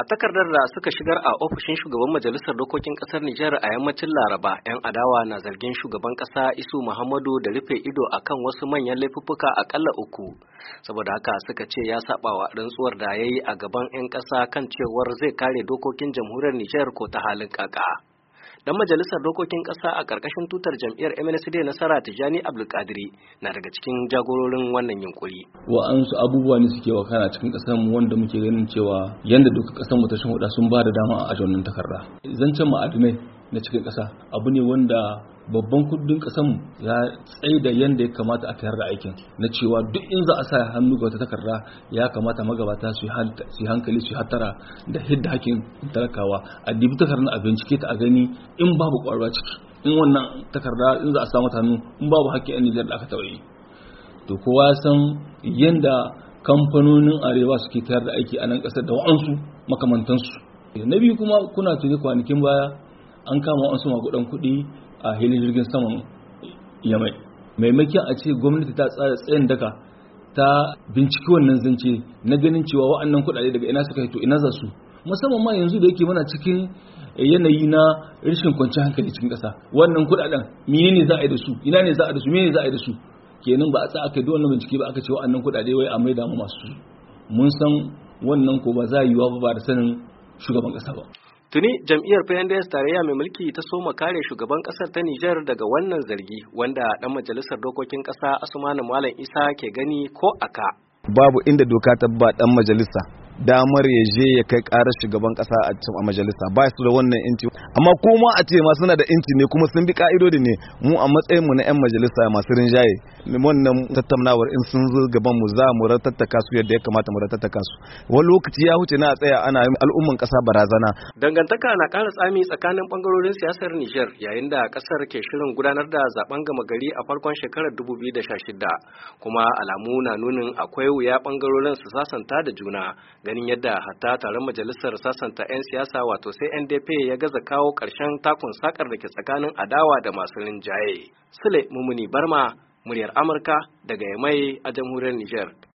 a takardar da suka shigar a ofishin shugaban majalisar dokokin kasar Nijar a yammacin Laraba, 'yan adawa na zargin shugaban kasa Isu Muhammadu da rufe ido akan wasu manyan laifuffuka akalla uku. Saboda haka suka ce ya saba wa rantsuwar da yayi a gaban 'yan kasa kan cewar zai kare dokokin jamhuriyar Nijar ko ta halin kaka. dan majalisar dokokin ƙasa a ƙarƙashin tutar jam'iyyar MNSD nasara Tijani Abdulkadiri na daga cikin jagororin wannan yunkuri. Wa'ansu abubuwa ne suke wakana cikin kasar mu wanda muke ganin cewa yanda duka kasar mu ta shan sun ba da dama a ajonin takarda. Zancen ma'adinai na cikin ƙasa abu ne wanda babban kudin kasan ya da yadda ya kamata a tayar da aikin na cewa duk in za a sa hannu ga wata takarda ya kamata magabata su hankali su hatara da hidda hakin talakawa a dibi takarda a bincike ta a gani in babu ƙwararwa ciki in wannan takarda in za a samu hannu in babu hakkin yan nijar da aka taɓa yi to kowa ya san yadda kamfanonin arewa suke tayar da aiki a nan ƙasar da wa'ansu makamantansu na biyu kuma kuna tuni kwanakin baya an kama wasu magudan kuɗi a hili jirgin saman yamai maimakon a ce gwamnati ta tsara tsayin daka ta binciki wannan zance na ganin cewa wa'annan kuɗaɗe daga ina suka hito ina za su musamman ma yanzu da yake mana cikin yanayi na rashin kwanciyar hankali cikin ƙasa wannan kuɗaɗen ne za a yi da su ina ne za a da su menene za a yi da su kenan ba a tsaya aka yi wannan bincike ba aka ce wa'annan kuɗaɗe wai a mai mu masu mun san wannan ko ba za a yi wa ba da sanin shugaban ƙasa ba Tuni jam'iyyar PNDS tarayya mai mulki ta soma kare shugaban kasar ta Nijar daga wannan zargi wanda dan majalisar dokokin kasa Asmanu Malam Isa ke gani ko aka. Babu inda doka ta ba dan majalisa damar ya je ya kai karar shugaban kasa a cikin majalisa ba su da wannan inci amma kuma a ce ma suna da inci ne kuma sun bi ka'idodi ne mu a matsayin mu na yan majalisa masu rinjaye wannan tattaunawar in sun zo gaban mu za mu ratattaka su yadda ya kamata mu ratattaka su wani lokaci ya huce na tsaya ana yin al'umman kasa barazana dangantaka na kara tsami tsakanin bangarorin siyasar Niger yayin da kasar ke shirin gudanar da zaben gama gari a farkon shekarar 2016 kuma alamu na nunin akwai wuya bangarorin su sasanta da juna ganin yadda hatta taron majalisar sasanta 'yan siyasa wato sai ndp ya gaza kawo ƙarshen takun sakar da ke tsakanin adawa da masu rinjaye sule mumuni barma muryar amurka daga yamai a jamhuriyar niger